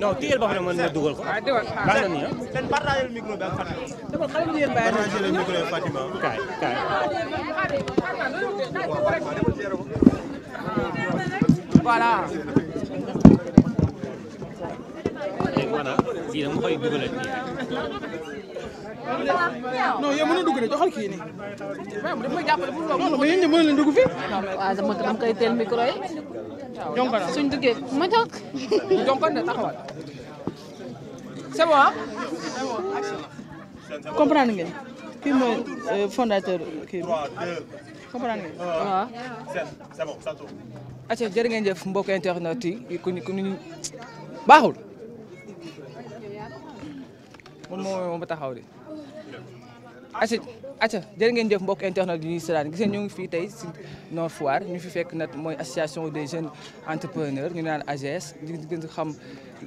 non téyel ba dugal ko. waaw déwén ah seen seen partagé le micro bi ak Fatima. dama wala lii dama koy dugalal de joxal kii nii. non mais yéen ñëpp waaw dama dama koy teel suñ duggee ma jokk. jonkana taxawal. c'est bon ah. comprendre euh, fondateur kii bi comprendre ngeen. Euh, waaw. c'est bon internet yi ku ñu ku ñu baaxul. moom moom ma taxaw di acca acca jërë ngeen jëf mbokk internet yi ñuy seetaan gis ngeen ñu ngi fii tey si Nord Foire ñu fi fekk nag mooy association des jeunes entrepreneurs ñu naan AJS ñu gën xam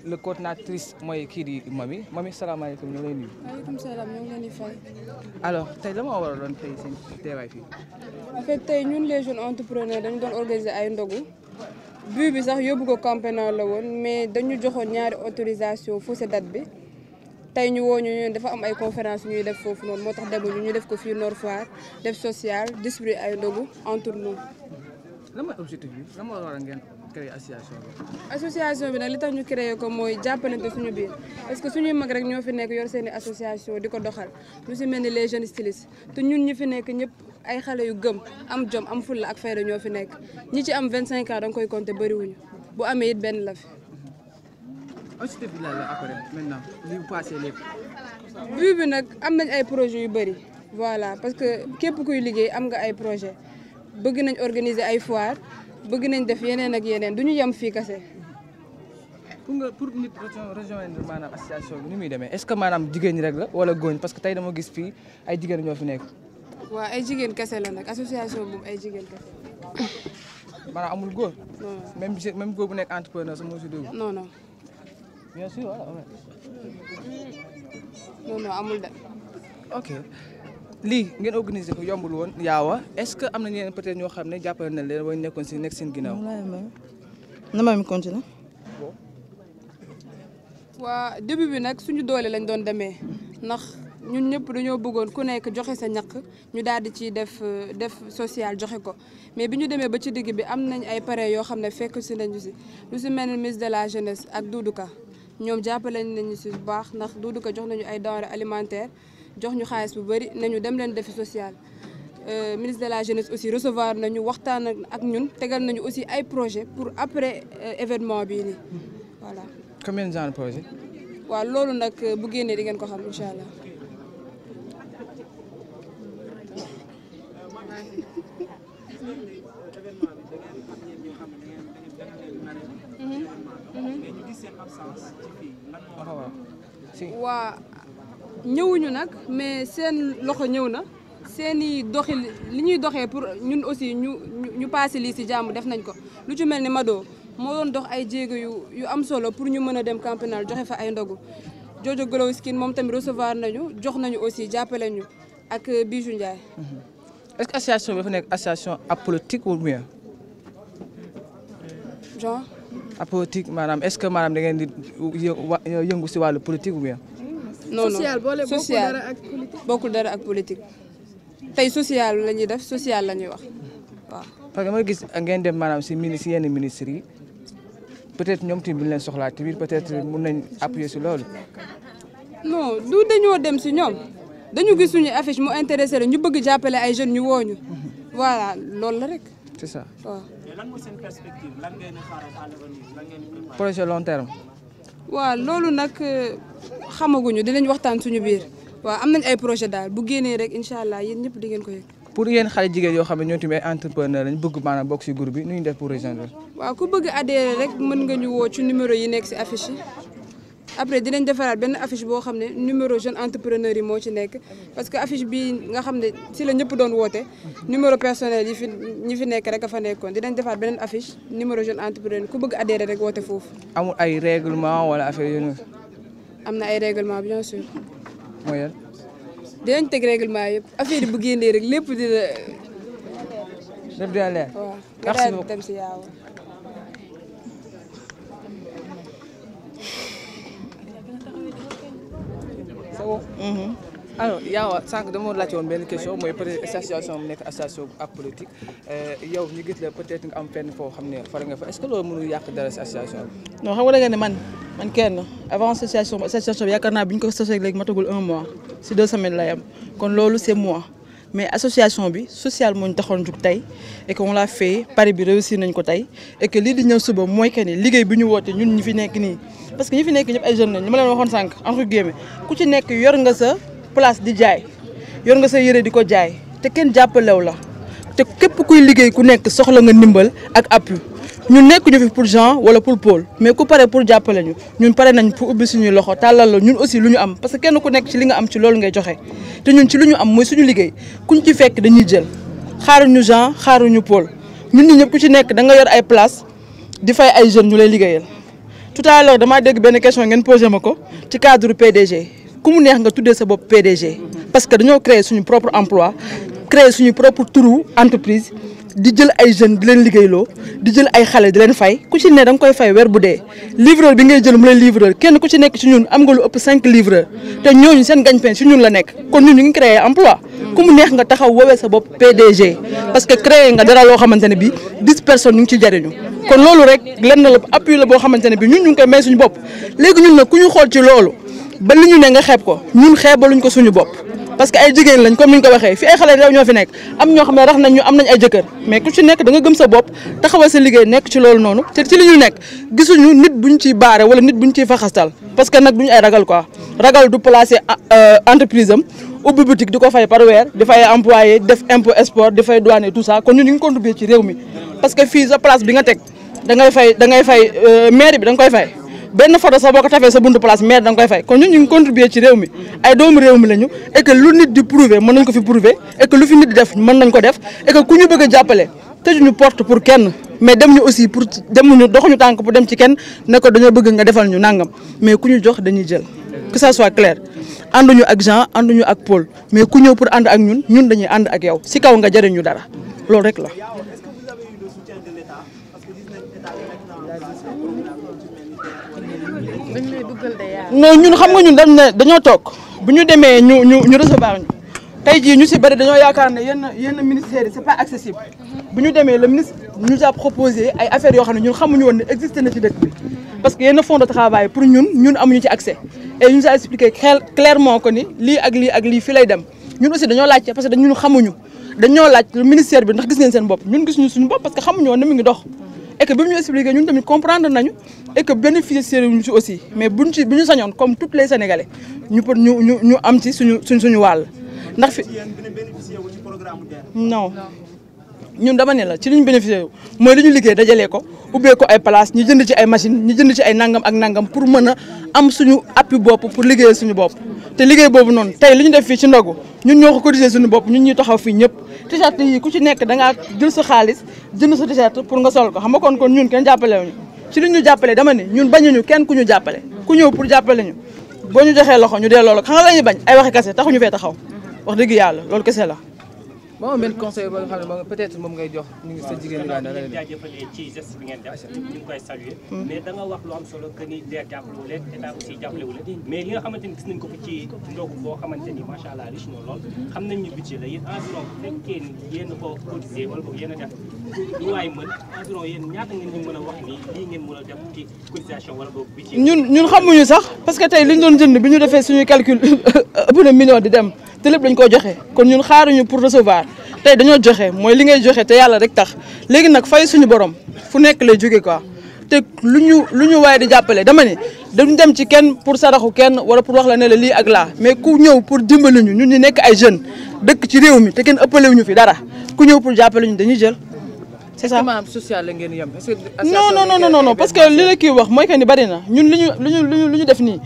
le coordinatrice mooy kii di Mamy Mamy salaamaaleykum ñu ngi lay nuyu. maaleykum salaam ñu ngi leen di fay. alors tey la ma war a doon tey seen teewaay fii. en fait tey ñun les jeunes entrepreneurs dañu doon organiser ay ndogu. but bi sax yóbbu ko campagne la woon mais dañu joxoon ñaari autorisation fausse date bi. tey ñu woo ñu dafa am ay conférence ñuy def foofu noonu moo tax demuñu ñu def ko fii Nord Foire def social distribuer ay ndogu entre nous. lan mooy objectif bi lan moo waral ngeen créer association bi. association li tax ñu créer ko mooy jàppalante suñu biir parce que suñuy mag rek ñoo fi nekk yor seeni association di ko doxal lu si mel ni les jeunes stylistes te ñun ñi fi nekk ñëpp ay xale yu gëm am jom am fulla ak fayda ñoo fi nekk ñi ci am vingt ans da nga koy compter bëriwuñu bu amee it benn la incité bi la la accordé maintenant li bi nag am nañ ay projets yu bëri voilà parce que képp kuy liggéey am nga ay projet bëgg nañ organiser ay foire bëgg nañ def yeneen ak yeneen du ñu yem fii kase. pour nga pour nit rejoindre maanaam association bi ni muy demee est-ce que maanaam jigéen ñi rek la wala góoñ parce que tey dama gis fii ay jigéen ñoo fi nekk. waaw ay jigéen kese la nag association boobu ay jigéen kese la. maanaam amul góor. même même góor bu nekk si dugg. non non. bien sûr voilà. amul de. ok lii ngeen organiser ko yombul woon. yaawa est-ce que am na ñeneen peut-être ñoo xam ne jàppale na leen wala ñu nekkoon si nekk seen ginnaaw. na ma mi continuer. waa début bi nag suñu doolee lañ doon demee ndax ñun ñëpp dañoo bëggoon ku nekk joxe sa ñaq ñu daal di ciy def euh, def social joxe ko mais bi ñu demee ba ci digg bi am nañ ay pare yoo xam ne fekk si nañ si lu si mel ni ministre de la jeunesse ak Doudou ñoom jàppale nañu si bu baax ndax duudu ko jox nañu ay denrées alimentaire jox ñu xaalis bu bëri nañu dem leen defi social euh, ministre de la jeunesse aussi recevoir nañu waxtaan ak ñun tegal nañu aussi ay projet pour après euh, événement bi nii voilà. combien de genre projet. waaw loolu nag euh, bu génnee di ngeen ko xam incha allah. waa ñëwuñu nag mais seen loxo ñëw na seen i doxi li ñuy doxee pour ñun aussi ñu ñu passé lii si jàmm def nañ ko lu ci mel ni Mado moo doon dox ay jéego yu yu am solo pour ñu mën a dem camp joxe fa ay ndogu Jojo Golowski moom tamit recevoir nañu jox nañu aussi jàppale ñu ak Bijou Ndiaye est-ce que association bi dafa nekk association apolitique ou bien. genre. apolitique maanaam est-ce que maanaam da ngeen di yëngu si wàllu politique ou bien. non non social boole bokkul dara ak politique bokkul dara ak politique. tey social la ñuy def social la ñuy wax waaw. parce que ma gis ngeen dem maanaam si mini si yenn ministres yi peut-être ñoom tamit bu ñu leen soxlaa tamit peut-être mun nañ appuyer si loolu. non du dañoo dem si ñoom. dañu gis suñu affiche mu intéressé la ñu bëgg jàppale ay jeunes ñu wooñu waa loolu la rek. c'est ça waaw. lan mooy seen perspective lan ngeen di xaaral à l'avenir lan ngeen di projet long terme. waaw loolu nag euh, xamaguñu dinañ waxtaan suñu biir waaw am nañ ay projet daal bu génnee rek incha allah yéen ñëpp di ngeen ko yëg. pour yéen xale jigéen yoo xam ne ñoo tamit ay entrepreneur lañ bëgg maanaam bokk si groupe bi nu ñu def pour rejoindre. waaw ku bëgg adhérer rek mën nga ñu woo ci numéro yi nekk si affiche après dinañ defaraat benn affiche boo xam ne numéro jeune entrepreneur yi moo ci nekk parce que affiche bi nga xam ne si la ñëpp doon woote numéro personnel yi fi ñi fi nekk rek a fa nekkoon dinañ defaat beneen affiche numéro jeune entrepreneur ku bëgg adhéré rek woote foofu. amul ay règlement wala affaire yu am na ay règlement bien sûr. mooy yan. dinañ teg règlement yëpp affaire yi bu génnee rek lépp dina. lépp dina leer. merci beaucoup ko. Mhm. alors yow sànq dama laajoon benn question mooy peut être association mu nekk association bu ab politique euh, yow la peut nga am fenn foo xam ne far fa est ce que association bi. ne man kenn avant association association bi yaakaar naa bi ñu ko sosee léegi matagul un mois si deux semaines lay kon loolu c'est moi. mais association bi sociale moo ñu taxoon jug tey et que on l'a fait pari bi réussir nañ ko tey et que lii di ñëw suba mooy que ni liggéey bi ñu woote ñun ñi fi nekk nii. parce que ñi fi nekk ñëpp ay jeunes lañ li ma leen waxoon sànq entre guillemets ku ci nekk yor nga sa place di jaay yor nga sa yére di ko jaay te kenn jàppalew la te képp kuy liggéey ku nekk soxla nga ndimbal ak appui. ñun nekkuñu fi pour Jean wala pour Paul mais ku pare pour jàppale ñu ñun pare nañ pour ubbi suñuy loxo tàllal la ñun aussi lu ñu am parce que kenn ku nekk ci li nga am ci loolu ngay joxe te ñun ci lu ñu am mooy suñu liggéey ñu ci fekk dañuy jël ñu Jean xaaruñu Paul ñun ñi ñëpp ku ci nekk da nga yor ay place di fay ay jeunes ñu lay liggéeyal tout à l'heure damaa dégg benn question ngeen posé ma ko ci cadre PDG ku mu neex nga tuddee sa bopp PDG parce que dañoo créer suñu propre emploi créer suñu propre turu entreprise di jël ay jeunes di leen liggéeyloo di jël ay xale di leen fay ku ci ne da nga koy fay weer bu dee livreur bi ngay jël mu lay livreur kenn ku ci nekk ci ñun am nga lu ëpp cinq livreur te ñooñu seen gagne-pain ci ñun la nekk kon ñun ñu ngi créer emploi ku mu neex nga taxaw woowee sa bopp PDG parce que créer nga dara loo xamante ne bi dix personnes ñu ngi ci jariñu kon loolu rek na la appui la boo xamante ne bi ñun ñu ngi koy may suñu bopp léegi ñun nag ku ñu xool ci loolu ba li ñu ne nga xeeb ko ñun xeebaluñ ko suñu bopp parce que ay jigéen lañ comme ni ñu ko waxee fi ay xale réew ñoo fi nekk am ñoo xam ne rax nañ am nañ ay jëkkër mais ku ci nekk da nga gëm sa bopp taxawal sa liggéey nekk ci loolu noonu te ci li ñu nekk gisuñu nit buñ ciy baare wala nit bu ñu ciy faxastal parce que nag ñu ay ragal ko ragal du placer ah, euh, entreprise am ubbi boutique di ko fay par weer di fay employé def impôt export di fay douane tout ça kon ñun ñu ngi contribuer ci réew mi parce que sa place bi nga teg da fay da ngay fay euh, maire bi da koy fay benn photo sax boo ko tafee sa buntu place mais da nga koy fay kon ñun ñu ngi contribuer ci réew mi ay doomu réew mi lañu et que lu nit di prouver mën nañ ko fi prouver et lu fi nit di def mën nañ ko def et que ku ñu bëgg a jàppale ñu porte pour kenn mais dem ñu aussi pour demuñu doxuñu tànk pour dem ci kenn ne ko dañoo bëgg nga defal ñu nangam mais ku ñu jox dañuy jël que ça soit clair ànduñu ak Jean ànduñu ak Paul mais ku ñëw pour ànd ak ñun ñun dañuy ànd ak yow si kaw nga jëriñu dara loolu rek la. non ñun xam nga ñun dañ ne dañoo toog bu ñu demee ñu ñu ñu recevoir ñu ñu si bëri dañoo yaakaar ne yenn yenn ministères yi c'est pas accessible mm-hmm. bu ñu demee le ministre nous a proposé ay affaires yoo xam ne ñun xamuñu woon ne existé na ci dëkk bi mm-hmm. parce que yenn fonds de travail pour ñun ñun amuñu ci accès et ñu sa expliqué clairement que ni lii ak lii ak lii fi dem ñun aussi dañoo laajte parce que dañu xamuñu dañoo laaj ministère bi ndax gis ngeen seen bopp ñun gisuñu suñu bopp parce que xamuñu et que bi mu ñu expliqué ñun tamit comprendre nañu et que bénéficier ñu si aussi mais buñ ci bu ñu sañoon comme toutes les sénégalais ñu pour ñu ñu ñu am ci suñu suñ suñu wàll ndax fi non ñun dama ne la ci li ñu bénéficié mooy li ñu liggéey dajalee ko ubbee ko ay place ñu jënd ci ay machine ñu jënd ci ay nangam ak nangam pour mën am suñu appui bopp pour liggéeyal suñu bopp te liggéey boobu noonu tey li ñu def fii ci ndogu ñun ñoo ko cotisé suñu bopp ñun ñuy taxaw fii ñëpp t-shirt yi ku ci nekk dangaa jël sa xaalis jënd sa t-shirt pour nga sol ko xam nga koon kon ñun kenn jàppale wuñu ci li ñu jàppale dama ni ñun bañuñu kenn ku ñu jàppale ku ñëw pour jàppale ñu boo ñu joxee loxo ñu delloo la xam nga la ñuy bañ ay waxi kese taxuñu fee taxaw wax dëgg yàlla loolu kese la moom benn conseil ba moom ngay jox ñu ngi sa jigéen ñi nga xam ne jaajëfalee koy saluer hmm. mais da nga wax gis nañ ko fi ci ndogu boo xamante ni macha allah riche na xam nañ ñu la yéen environ a def lu mën ñaata ngeen ñu mën a wax ni lii ngeen mën a def ci cotisation wala boobu budget ñun xamuñu sax parce que tey liñ doon ñu defee suñu calcul ëpp na million di dem te lépp dañ ko joxe kon ñun xaaruñu pour recevoir tey dañoo joxe mooy li ngay joxe te yàlla rek tax léegi nag fay suñu borom fu nekk lay jóge quoi te lu ñu lu ñu waaye di jàppale dama ne dañu dem ci kenn pour saraxu kenn wala pour wax la ne la lii ak laa mais ku ñëw pour dimbali ñu ñun ñu nekk ay jeunes dëkk ci réew mi te kenn ëppalewu ñu fi dara ku ñëw pour jàppale ñu dañuy jël c'est ça social la ngeen yem non non non non parce que li la kii wax mooy que ni bari na ñun li ñu lu ñu lu ñu def nii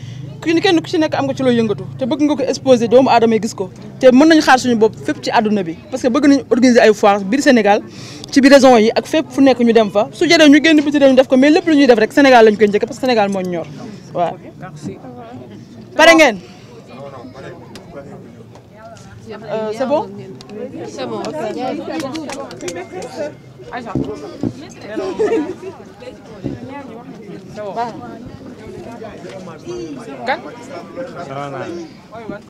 kenn kenn ku ci nekk am nga ci loo yëngatu te bëgg nga ko exposé doomu aadama yi gis ko te mën nañu xaar suñu bopp fépp ci àdduna bi parce que bëgg nañu organiser ay foires biir Sénégal ci biir régions yi ak fépp fu nekk ñu dem fa su jëree ñu génn biti réew ñu def ko mais lépp lu ñuy def rek Sénégal lañ koy njëkk pare ngeen euh, c'est bon c'est bon ok kan.